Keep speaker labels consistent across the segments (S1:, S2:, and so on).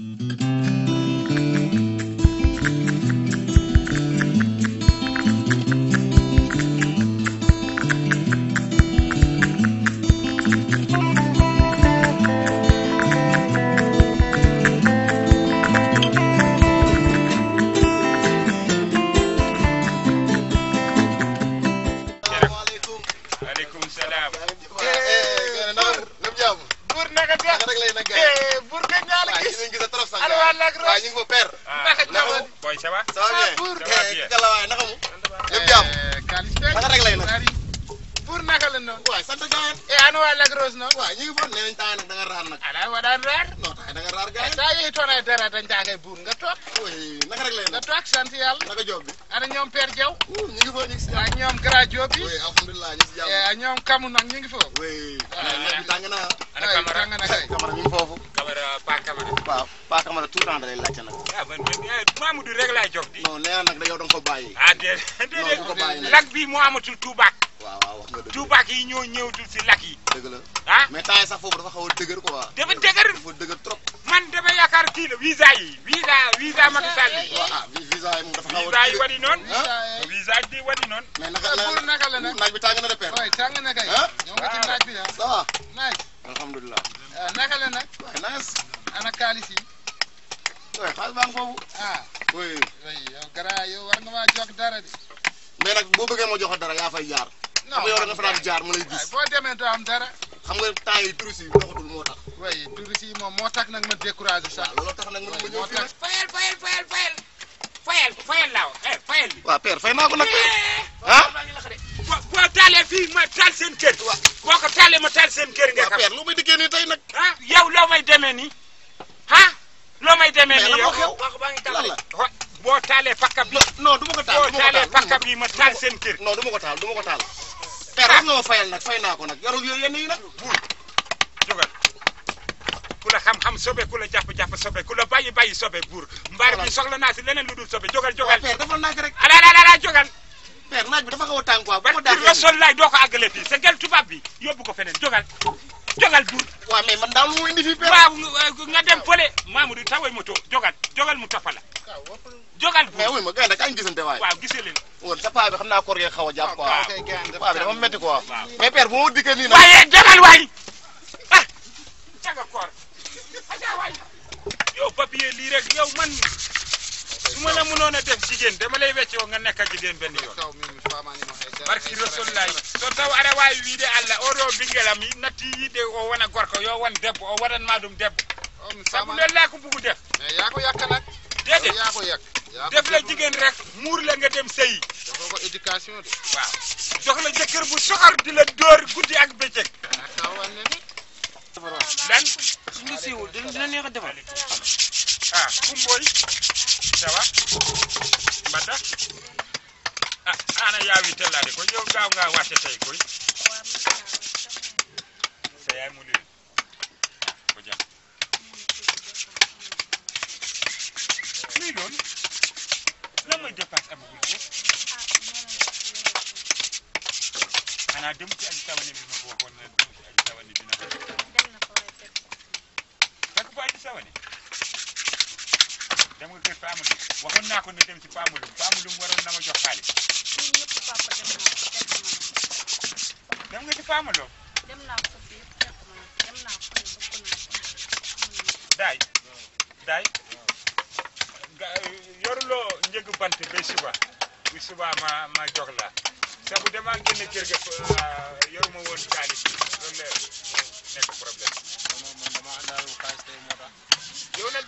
S1: Mm-hmm. waaye ñu ngi ko père. Ah, waaw naka mu. lépp jàmm. Eh, naka rek lay eh, nag. la noonu. waay sant gars yi. eh ana waa Lagros noonu. waay taa nag da raar nag. ala raar. non taa raar gars yi. saa yooyu toon ay dara dañ caa ngay buur nga naka rek sant yàlla. naka Diop bi. ana ñoom père Diaw. ñu ngi fa ñu ngi si jàmm. ak ñoom grand Diop bi. Kamu nag ñu ngi waaw Paa Camara tout le temps da lay laajte nag. ah man Mamadou rek laay jox di. non nee na nag yow da nga ko bàyyi. ah déedéet déedéet ko bàyyi nag lak bii moo amatul tuubaak. waaw waaw wax nga dëgg tuubaak yi ñoo ñëwatul si lak yi. dëgg la ah mais temps sax foofu dafa xaw a dëgër quoi. dafa dëgër dafa dëgër trop. man dama yaakaar kii la visa yi visa visa Macky Sall yi. waaw ah visa yi moom dafa xaw a. visa yi wadi noonu. Ah? visa yi wadi noonu. mais naka la ah, naka la naaj bi tàng na de père. waay tàng na kay. Ah? ñoo ngi ci naaj bi ah. ça va. naaj. alhamdulilah. waaw naka la nag. waay naaj. ana kaalis yi. oui xaalis baa ngi foofu. ah oui. yow grand yow war nga maa jox dara de. mais nag boo bëggee ma jox dara yaa fay jaar. non yow da nga fanaan jaar mu lay gis. Ah, boo demee doo am dara. xam nga temps yi turist yi doxatul moo tax. oui turist yi moom moo tax nag ma découragé sax. loolu tax nag man ma ñëw fii nag. fayal fayal fayal fayal. fayal fayal laaw eh, fayal bi. waaw père fay naa ko nag. Eh. ah boo boo taalee fii ma taal seen kër. waaw boo ko taalee ma taal seen kër. nga xam waaw père lu muy dikkee nii tey nag. ah yow loo may demee nii. lay demee nii yow boo taalee pakka bi non du ma ko taal boo taalee pakka bi ma taal seen kër. non du ma ko taal du ma ko taal. père ko nag yorul yooyu yenn yi nag. xam-xam sobe ku la jàpp-jàpp sobe ku la bàyyi bàyyi sobe buur. mbaar bi soxla naa si leneen lu dul sobe jógal jógal. père dafa naaj rek. alaalaala ah, jógal. xaw a ba sol laay doo ko àggale fii sa gel tubaab bi yóbbu ko feneen jógal. jogal du waaw mais man daal moo indi fii waaw nga dem fële Mamadou tawal moto jogal jogal mu tafala jogal bu mais wuy ma gaynde kañ a jàpp quoi paa waaye demal waay ah, rek yow man su ma la mënoon a def jigéen dama lay weccoo nga nekk ak jigéen benn yoon barki rasulullahi so taw aɗa wawi wiide allah oɗo ɓinguelam natti de o wona gorko yo won debbo o waɗanma ɗum debbo saabu lella ko bugu def yaako yakka nak dede yaako yak def la jigéen rek muur la nga dem sëyi jox ko éducation de waaw jox la jëkkër bu soxor di la dóor guddi ak bëccëg ah, lan suñu siiwul dina neex a defal ah Koumboy tawa a ah, ana yaawi tellade koye yo gaaw nga wattete koye so yawi mulil ko jam mi ɗon lan moye dépense abogol fof ana demuti aji tawane mbima ko wonno demuti aji tawane bina sago ko aji tawane dem nga kër Pamali waxoon naa ko ne dem ci Pamali Pamali waroon na ma jox dem nga ci Pamali. dem naa daay daay eh, yoruloo njëgu bant ba suba bu suba ma ma la sabu damaa génne kër ga ah, yoruma woon xaalis loolu la nekk problème.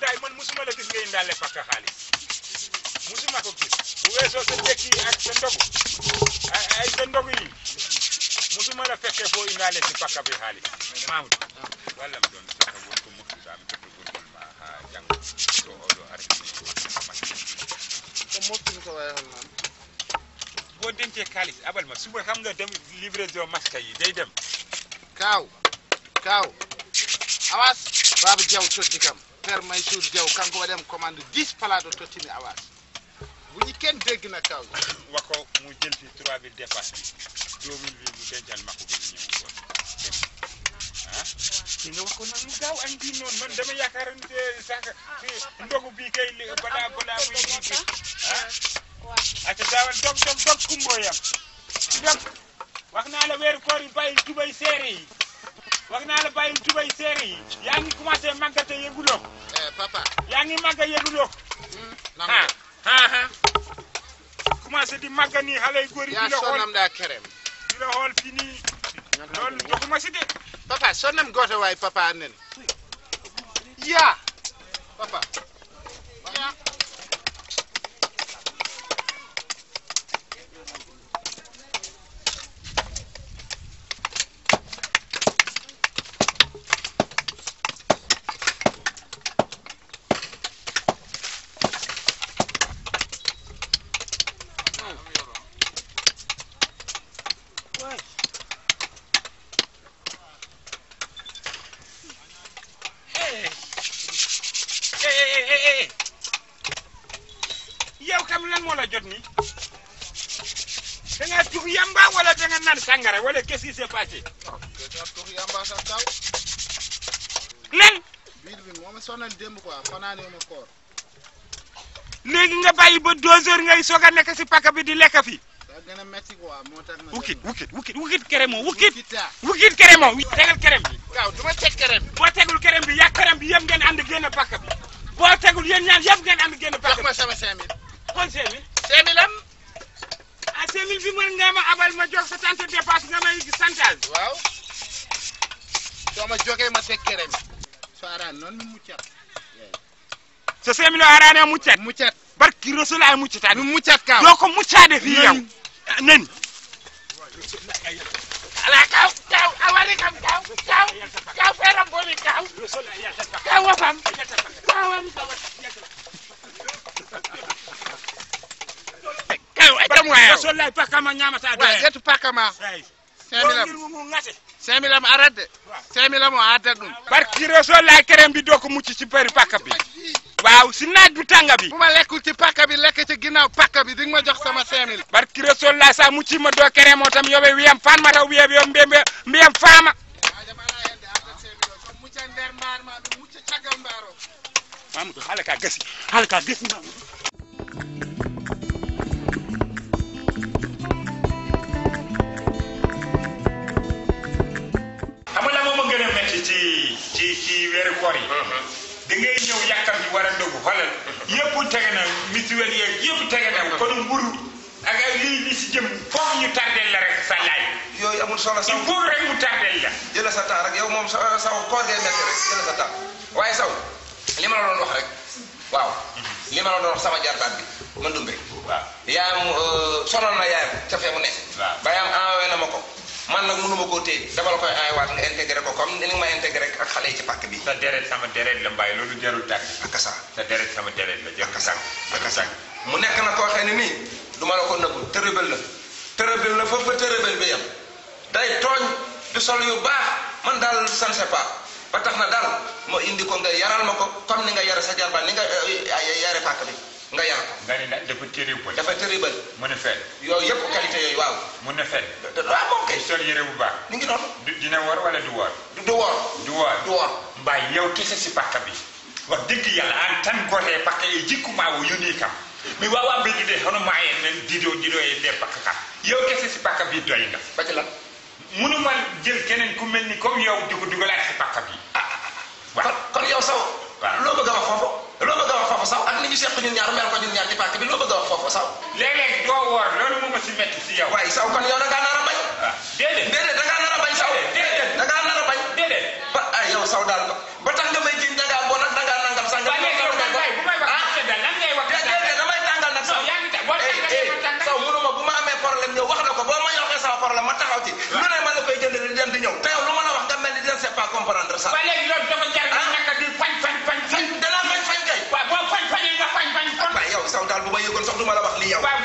S1: takkaay man musuma gis nga indaale pakka xaalis musuma gis bu weesoo sa tekki yi ak sa foo indaale si pakka bi xaalis wallam doon saka won ko mukki sam jottu gurgol ma ha jang to oɗo ardi ko moftini ko waye hol noon boo dencee xaalis nga dem livraison maska yi day dem commissaire Maysour Diaw kanko waɗi am commande 10 palaɗo na kaw wako mu jëlti 3000 dépasse bi 2000 bi mu dencal makko bi ñëw ah? ko wax naa la weeru koor yi bàyyi jubay seere yi wax naa la bàyyil tubay seere yi. yaa ngi commencé màggate yëguloo ko. Eh, papa. yaa ngi màgg yëguloo ko. ah ah commencé di màgg nii xale yu góor yi. yaa sonam daa kerem di la xool fii papa sonam goote waay papa yaa papa. eh yow kam lan moo la jot ni da nga tux yamba wala da nga naan sàngara wala qu'est-ce qui s'est passé. léegi nga bàyyi ba deux heures ngay soog a nekk si paka bi di lekk fi. daa gën a métti quoi moo tax na. wukit wukit wukit wukit kerem moo wukit. wukit kerem moo tegal kerem bi. waaw du ma boo tegul yéen ñaan yëpp ngeen am génn pàcc. jox ma sama 5000. xool 5000. 5000 am. a 5000 bi mën nga ma abal ma jox sa tante dépasse nga may santal. waaw. soo ma jogee ma teg kere mi. so araan noonu muccat. so 5000 araane muccat. muccat barki rasulaay muccat. nu muccat kaaw doo ko muccaade fii yow. nen. ala kaw kaw awali kam kaw kaw kaw feeram boli kaw kaw wafam. pakama ñamata ɗo ƴettu pakama cinqmilemo ŋate cinqmilemo aratde cinqmilemo addat ɗum barki resolla kerem mbi doko mucci ci bari pakka bi waaw si naaj bu tànga bi bu ma lekkul ci pakka bi lekk ci ginnaaw pakka bi di nga ma jox sama cinqmille barki resolla sa mucci ma do kerem o tam yoɓe wiyam fan mataw wiyeɓe yo mbiye mbiyam faama mamadou haala ka gasi haala ka gasi mamadou ngay ñëw bi yi war a dugg xoolal yëpp tege na mutuelle yeeg yëpp tege na kon mburu ak ay lii li jëm foofu ñu tardel la rek sa laaj. yooyu amul solo saw il faut rek mu tardel la. jëla sa temps rek yow moom sa saw koor ngay metti rek jëla sa waaye saw li ma la doon wax rek waaw li ma la doon wax bi man dumbe waaw yaayam euh, sonal na yaayam ca fee mu ne. waaw a envoyé ko. man nak mënuma ko téy dama la koy ay wat nga intégrer ko comme ni ma intégrer ak xalé ci pack bi ta déret sama déret la mbay lolu jarul tak ak sa ta déret sama déret la jarul tak ak sa mu nek na ko xéne ni duma la ko neugul terebel la terebel la fa fa terebel bi yam day togn du sol yu bax man dal sais pas ba tax na dal mo indi ko nga yaral mako comme ni nga yara sa jarba ni nga eh, eh, yare pack bi nga yar da dafa tëribal. dafa tëribal. mën a fen. yooyu yëpp qualité yooyu waaw. mën a fen. waaw moom kay. sol yére bu baax. mu ngi noonu. du dina war wala du war. du du war. du war du war. mbaay yow kese si pàkk bi. yi jikkumaawu yu nii kam. mais waaw waaw bi du dee xanaa maa yee ne didoo didoo si pàkk bi doy nga. ba ci lan. mënuma jël keneen ku mel ni comme yow di ko dugalaat si pàkk bi. ah ah, ah, ah. yow saw. loo bëgg a wax foofu sax ak li ñu seq ñun ñaar mer ko ñun ñaar ci pàkk bi loo bëgg a wax foofu saw. léeg loolu ma si si yow. waaye saw a bañ. waaw ah, déedéet a saw. déedéet da ngaa nar a ba ay yow saw daal ba tax bu may wax ah, ak sa dal lan ngay eh, eh, ma bu ma amee problème yow wax na ko boo ma yokkee sama problème ma taxaw ci. lu ma la di dem di ñëw wax nga mel ni di dem c'est pas lay